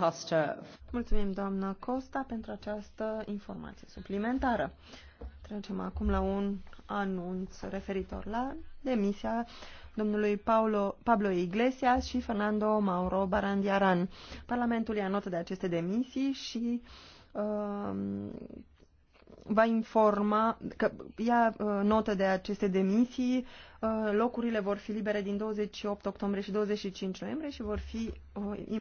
Costa. Mulțumim, doamna Costa, pentru această informație suplimentară. Trecem acum la un anunț referitor la demisia domnului Paulo, Pablo Iglesias și Fernando Mauro Barandiaran. Parlamentul ia notă de aceste demisii și uh, va informa că ia uh, notă de aceste demisii. Uh, locurile vor fi libere din 28 octombrie și 25 noiembrie și vor fi uh,